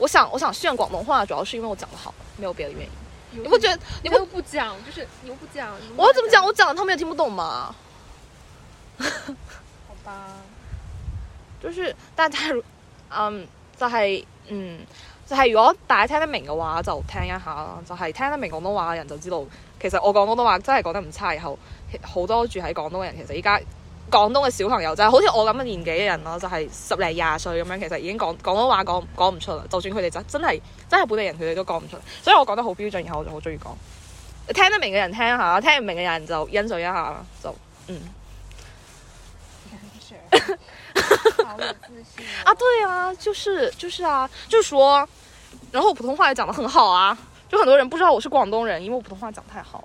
我想，我想炫廣東話，主要是因為我講得好，沒有別的原因。你不覺得？你又不講，就是你又不講，就是。我怎麼講？我講他們也聽不懂嘛。 好吧。就是大家，嗯，就是嗯，就係、是、如果大家聽得明嘅話，就聽一下咯。就是聽得明廣東話嘅人就知道，其實我講廣東話真係講得唔差。然後好多住喺廣東嘅人，其實依家。廣東嘅小朋友就係好似我咁嘅年紀嘅人咯，就係十零廿歲咁樣，其實已經講廣東話講講唔出啦。就算佢哋就真係真係本地人，佢哋都講唔出了。所以我講得好標準，然後我就好中意講。聽得明嘅人聽下，聽唔明嘅人就欣賞一下，就嗯。 啊，對啊，就是就是啊，就說，然後我普通話又講得很好啊，就很多人不知道我是廣東人，因為我普通話講得太好。